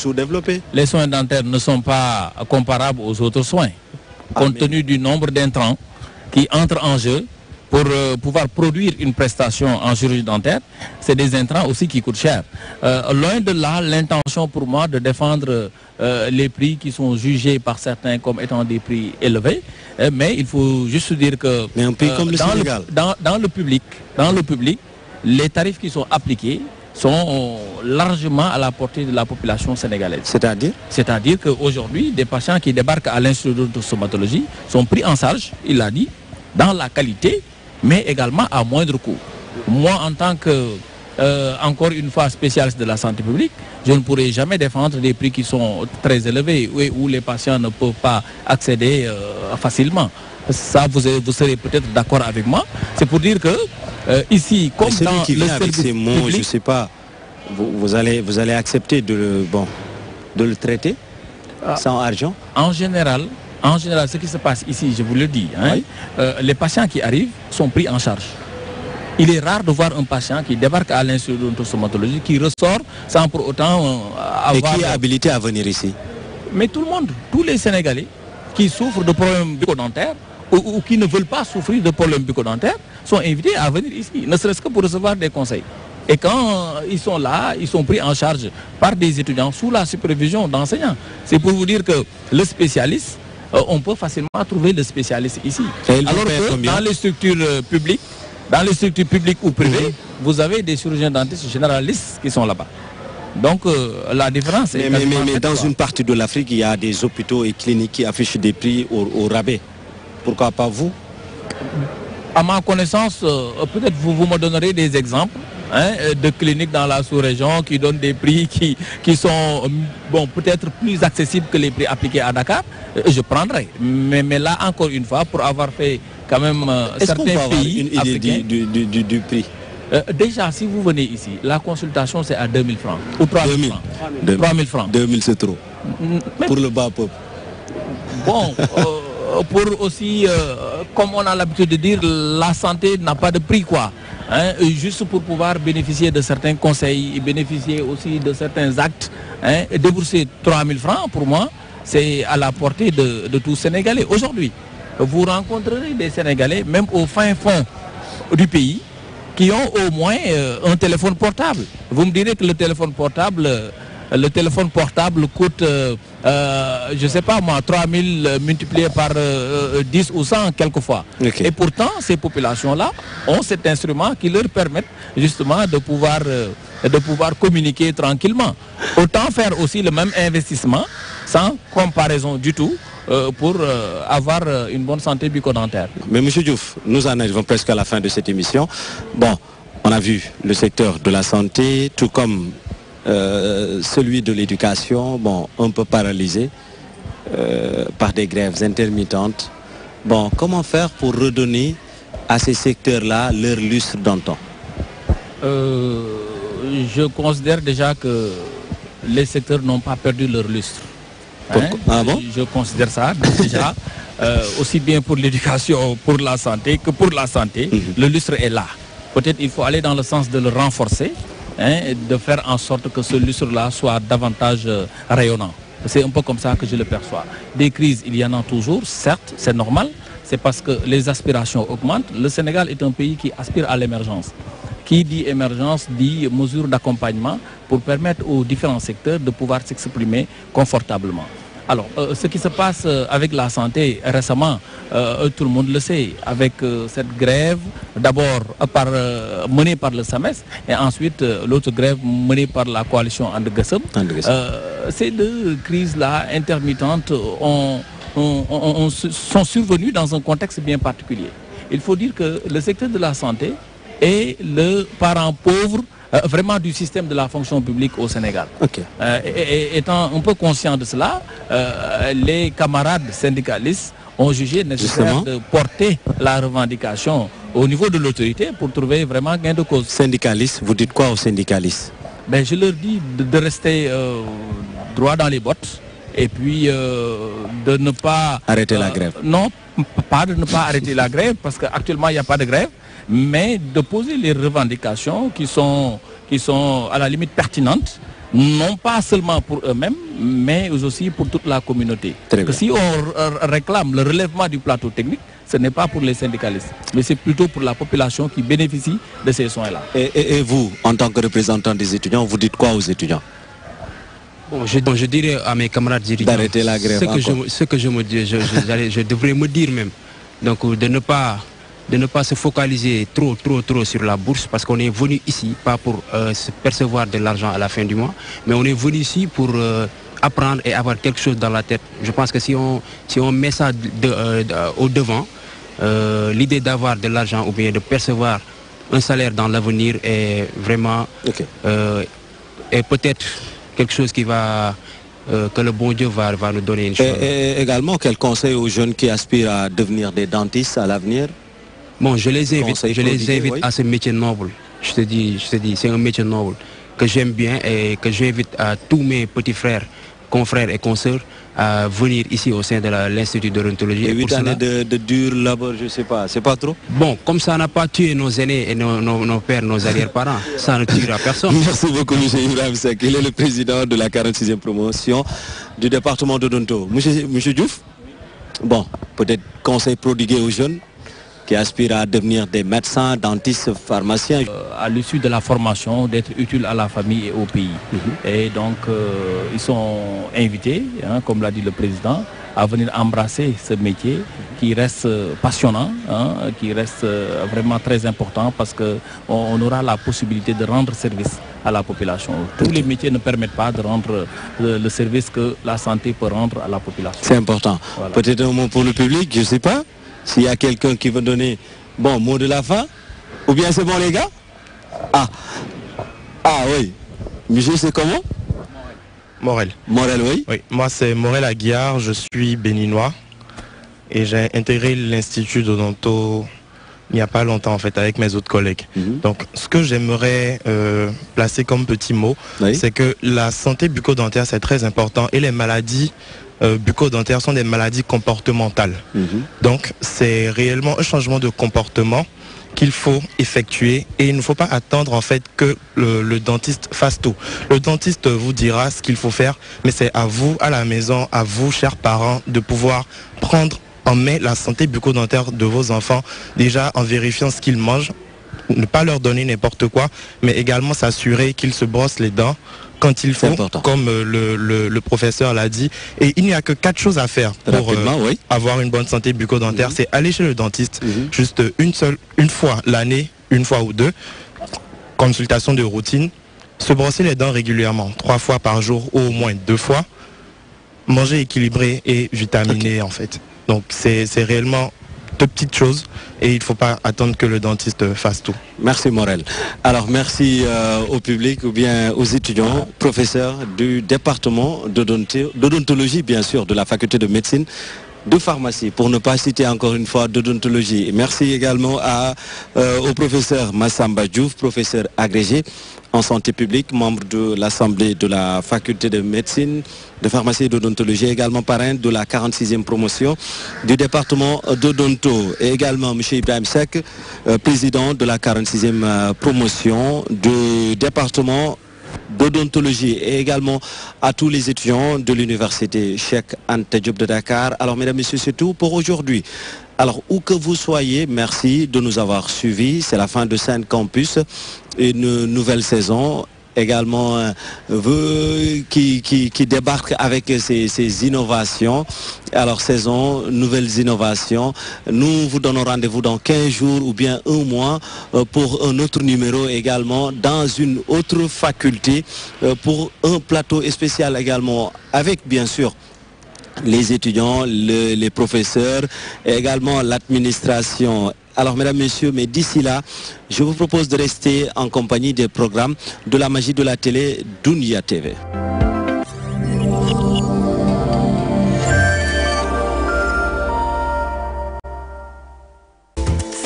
les soins dentaires ne sont pas comparables aux autres soins, ah, compte tenu du nombre d'intrants qui entrent en jeu pour euh, pouvoir produire une prestation en chirurgie dentaire, c'est des intrants aussi qui coûtent cher. Euh, loin de là, l'intention pour moi de défendre euh, les prix qui sont jugés par certains comme étant des prix élevés, mais il faut juste dire que comme dans, le, dans, le public, dans le public, les tarifs qui sont appliqués sont largement à la portée de la population sénégalaise. C'est-à-dire C'est-à-dire qu'aujourd'hui, des patients qui débarquent à l'Institut de somatologie sont pris en charge, il l'a dit, dans la qualité mais également à moindre coût. Moi, en tant que, euh, encore une fois, spécialiste de la santé publique, je ne pourrai jamais défendre des prix qui sont très élevés où les patients ne peuvent pas accéder euh, facilement. Ça, vous, vous serez peut-être d'accord avec moi. C'est pour dire que euh, ici, comme celui dans qui le avec ces mots, public, je sais pas, vous, allez, vous allez accepter de bon, de le traiter ah. sans argent En général, en général, ce qui se passe ici, je vous le dis, hein, euh, les patients qui arrivent sont pris en charge. Il est rare de voir un patient qui débarque à l'institut stomatologie qui ressort sans pour autant avoir... Euh, Et qui est habilité à venir ici Mais tout le monde, tous les Sénégalais qui souffrent de problèmes buccodentaires ou, qui ne veulent pas souffrir de problèmes buccodentaires sont invités à venir ici, ne serait-ce que pour recevoir des conseils. Et quand euh, ils sont là, ils sont pris en charge par des étudiants sous la supervision d'enseignants. C'est pour vous dire que le spécialiste euh, on peut facilement trouver des spécialistes ici. Alors que dans les structures euh, publiques, dans les structures publiques ou privées, mhm. vous avez des chirurgiens dentistes généralistes qui sont là-bas. Donc euh, la différence mais, est... Mais, mais, dans une partie de l'Afrique, il y a des hôpitaux et cliniques qui affichent des prix au, rabais. Pourquoi pas vous À ma connaissance, peut-être vous, vous me donnerez des exemples. Hein, euh, de cliniques dans la sous-région qui donnent des prix qui, sont euh, bon, peut-être plus accessibles que les prix appliqués à Dakar, euh, je prendrai. Mais, là, encore une fois, pour avoir fait quand même certains pays avoir une idée du, prix déjà, si vous venez ici, la consultation c'est à 2000 francs ou 000 francs. 3000 francs. 2000 c'est trop. Pour le bas peuple. Bon, pour aussi, comme on a l'habitude de dire, la santé n'a pas de prix quoi. Hein, juste pour pouvoir bénéficier de certains conseils, et bénéficier aussi de certains actes. Hein, et débourser 3000 francs, pour moi, c'est à la portée de, de tout Sénégalais. Aujourd'hui, vous rencontrerez des Sénégalais, même au fin fond du pays, qui ont au moins euh, un téléphone portable. Vous me direz que le téléphone portable, euh, le téléphone portable coûte... Euh, euh, je ne sais pas moi, 3000 euh, multiplié par 10 euh, ou 100 quelquefois. Et pourtant, ces populations-là ont cet instrument qui leur permet justement de pouvoir, de pouvoir communiquer tranquillement. Autant faire aussi le même investissement sans comparaison du tout pour avoir une bonne santé bucco Mais M. Diouf, nous en arrivons presque à la fin de cette émission. Bon, on a vu le secteur de la santé, tout comme euh, celui de l'éducation, bon, un peu paralysé euh, par des grèves intermittentes. Bon, comment faire pour redonner à ces secteurs-là leur lustre d'antan euh, Je considère déjà que les secteurs n'ont pas perdu leur lustre. Hein? Ah je, considère ça déjà, aussi bien pour l'éducation, pour la santé que pour la santé. Mhm. Le lustre est là. Peut-être il faut aller dans le sens de le renforcer. Hein, de faire en sorte que ce lustre-là soit davantage euh, rayonnant. C'est un peu comme ça que je le perçois. Des crises, il y en a toujours, certes, c'est normal. C'est parce que les aspirations augmentent. Le Sénégal est un pays qui aspire à l'émergence. Qui dit émergence dit mesure d'accompagnement pour permettre aux différents secteurs de pouvoir s'exprimer confortablement. Alors, euh, ce qui se passe euh, avec la santé récemment, euh, tout le monde le sait, avec cette grève, d'abord menée par le SAMES, et ensuite l'autre grève menée par la coalition Andegassem. ces deux crises-là intermittentes sont survenues dans un contexte bien particulier. Il faut dire que le secteur de la santé est le parent pauvre euh, vraiment du système de la fonction publique au Sénégal. Euh, et, étant un peu conscient de cela, euh, les camarades syndicalistes ont jugé nécessaire de porter la revendication au niveau de l'autorité pour trouver vraiment gain de cause. Syndicalistes, vous dites quoi aux syndicalistes ben, Je leur dis de, rester droit dans les bottes et puis de ne pas... Arrêter la grève. Non, pas de ne pas arrêter la grève, parce qu'actuellement, il n'y a pas de grève mais de poser les revendications qui sont, qui sont à la limite pertinentes, non pas seulement pour eux-mêmes, mais aussi pour toute la communauté. si on réclame le relèvement du plateau technique, ce n'est pas pour les syndicalistes, mais c'est plutôt pour la population qui bénéficie de ces soins-là. Et, vous, en tant que représentant des étudiants, vous dites quoi aux étudiants bon, je, dirais à mes camarades dirigeants, d'arrêter la grève. Ce que, je, me dis, je devrais me dire même, donc de ne pas de ne pas se focaliser trop, trop, trop sur la bourse parce qu'on est venu ici, pas pour euh, se percevoir de l'argent à la fin du mois, mais on est venu ici pour euh, apprendre et avoir quelque chose dans la tête. Je pense que si on, si on met ça euh, au devant, l'idée d'avoir de l'argent ou bien de percevoir un salaire dans l'avenir est vraiment peut-être quelque chose qui va que le bon Dieu va, va nous donner. Une également, quel conseil aux jeunes qui aspirent à devenir des dentistes à l'avenir Bon, je les invite, je les invite à ce métier noble. Je te dis, je te dis, c'est un métier noble que j'aime bien et que j'invite à tous mes petits frères, confrères et consœurs à venir ici au sein de l'Institut d'Orientologie. 8 années de, de, dur labeur, je ne sais pas, c'est pas trop Bon, comme ça n'a pas tué nos aînés et nos, pères, nos arrière-parents, ça ne tuera personne. Merci beaucoup, M. Ibrahim Sek. Il est le président de la 46e promotion du département de Donto. M. Diouf, bon, peut-être conseil prodigué aux jeunes qui aspirent à devenir des médecins, dentistes, pharmaciens. Euh, à l'issue de la formation, d'être utile à la famille et au pays. Mhm. Et donc, euh, ils sont invités, hein, comme l'a dit le président, à venir embrasser ce métier qui reste passionnant, hein, qui reste euh, vraiment très important parce qu'on on aura la possibilité de rendre service à la population. Tous les métiers ne permettent pas de rendre le, service que la santé peut rendre à la population. C'est important. Peut-être un mot pour le public, je ne sais pas. S'il y a quelqu'un qui veut donner, bon, mot de la fin, ou bien c'est bon les gars Ah, ah oui. Monsieur, c'est comment Morel. Morel, oui. Oui, moi c'est Morel Aguiar, je suis béninois et j'ai intégré l'Institut d'Odonto il n'y a pas longtemps en fait avec mes autres collègues. Mhm. Donc ce que j'aimerais euh, placer comme petit mot, c'est que la santé bucco-dentaire c'est très important et les maladies Buccodentaires euh, bucco sont des maladies comportementales. Mhm. Donc c'est réellement un changement de comportement qu'il faut effectuer et il ne faut pas attendre en fait que le, le dentiste fasse tout. Le dentiste vous dira ce qu'il faut faire, mais c'est à vous, à la maison, à vous, chers parents, de pouvoir prendre en main la santé bucco-dentaire de vos enfants, déjà en vérifiant ce qu'ils mangent, ne pas leur donner n'importe quoi, mais également s'assurer qu'ils se brossent les dents, quand il faut, comme euh, le, le, professeur l'a dit. Et il n'y a que quatre choses à faire pour euh, avoir une bonne santé bucco mhm. C'est aller chez le dentiste mhm. juste une seule, une fois l'année, une fois ou deux. Consultation de routine. Se brosser les dents régulièrement, trois fois par jour ou au moins deux fois. Manger équilibré et vitaminé en fait. Donc c'est réellement de petites choses et il ne faut pas attendre que le dentiste fasse tout. Merci Morel. Alors merci euh, au public ou bien aux étudiants, professeurs du département d'odontologie bien sûr de la faculté de médecine de pharmacie, pour ne pas citer encore une fois d'odontologie. Merci également à, euh, au professeur Massamba Diouf, professeur agrégé, en santé publique, membre de l'Assemblée de la faculté de médecine, de pharmacie et d'odontologie, également parrain de la 46e promotion du département d'Odonto. Et également M. Ibrahim Sek, euh, président de la 46e euh, promotion du département d'odontologie et également à tous les étudiants de l'université Cheikh Ante Diop de Dakar. Alors mesdames, messieurs, c'est tout pour aujourd'hui. Alors où que vous soyez, merci de nous avoir suivis. C'est la fin de Saint Campus une nouvelle saison également qui, débarque avec ces innovations. Alors saison, nouvelles innovations. Nous vous donnons rendez-vous dans 15 jours ou bien un mois euh, pour un autre numéro également dans une autre faculté euh, pour un plateau spécial également avec bien sûr les étudiants, les professeurs, également l'administration alors mesdames, messieurs, mais d'ici là, je vous propose de rester en compagnie des programmes de la magie de la télé Dunia TV.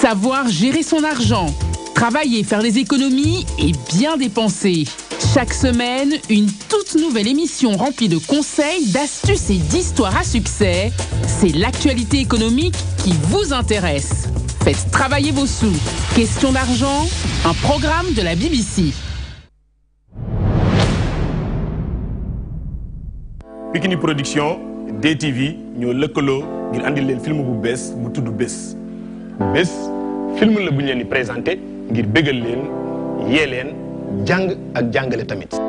Savoir gérer son argent Travailler, faire des économies et bien dépenser. Chaque semaine, une toute nouvelle émission remplie de conseils, d'astuces et d'histoires à succès. C'est l'actualité économique qui vous intéresse. Faites travailler vos sous. Question d'argent, un programme de la BBC. Bikini Production, DTV nous le ngir andil film bu film le ngir bégal leen yee leen jàng ak jàngale tamit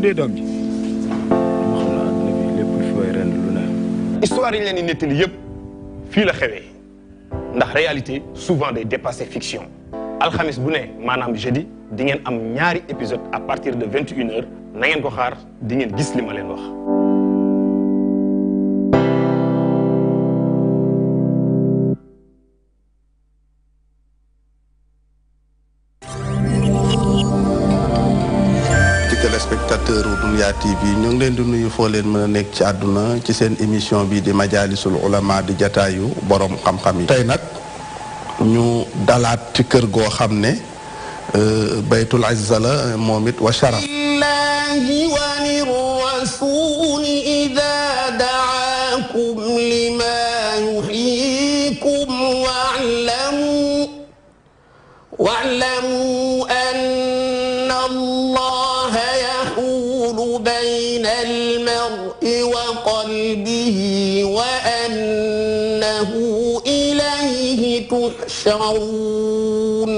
tuddee doom ji. wax na àdduna bi lépp lu fooy ren lu ne. histoire yi ñu leen di nettali yëpp fii la xewee ndax réalité souvent day dépasser fiction alxamis bu ne maanaam jeudi di ngeen am ñaari épisode à partir de 21 et heures na ngeen ko xaar di ngeen gis li ma leen wax. foo leen mën a nekk ci àdduna ci seen émission bi di majaalisul ulama di jataayu borom xam-xam yi tey nag ñu dalaat ci kër goo xam ne baytul izza la moom it wa sharaf lillahi wa lirrasul ida daakum lima yuhyikum wa'lamu wa'lamu بين المرء وقلبه وأنه إليه تحشرون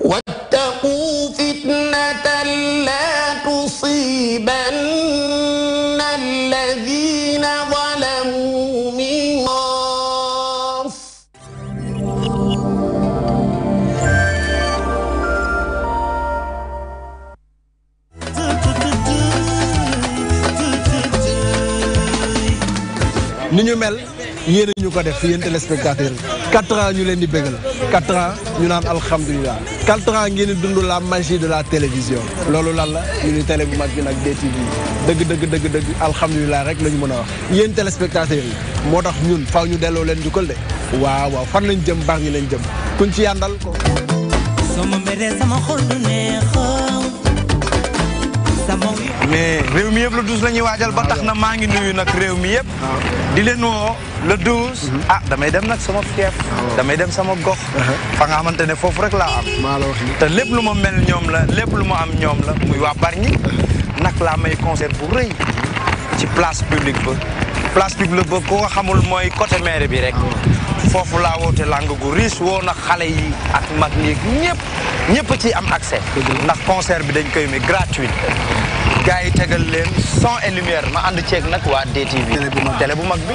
واتقوا فتنة لا تصيبن yéen ñu ko def yéen téléspectateurs yi quatre ans ñu leen di bégal quatre ans ñu naan alhamdulilah quatre ans ngeen di dund la magie de la télévision loolu lan la ñu ni télé bu mag bi nag DTV dëgg dëgg dëgg dëgg alhamdulilah rek la mën a wax yéen téléspectateurs yi moo tax ñun faaw ñu delloo leen jukkal de waaw waaw fan lañ jëm baax ñi lañ jëm kuñ ci yàndal ko. mais réew mi yëpp la 12 la ñuy waajal ba tax na maa ngi nuyu nag réew mi yëpp. di leen woo le 12. Mhm. ah damay dem nag sama fief. Ah. damay dem sama gox. Uh-huh. fa nga xamante ne foofu rek laa am. te lépp lu ma mel ñoom la lépp lu ma am ñoom la muy waa Bargny uh-huh. nag laa may concert bu rëy ci place publique ba place publique ba ko xamul mooy côté maire bi rek. Ah. foofu laa woote làng gu riche woo xale yi ak mag ñi ñëpp ñëpp ci am accès ndax concert bi dañ koy mi gratuit gars yi tegal leen son et lumière ma ànd ceeg nag waa DTV télé bu mag bi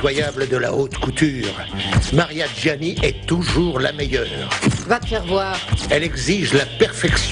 de la haute couture, Maria Gianni est toujours la meilleure. Va te faire voir. Elle exige la perfection.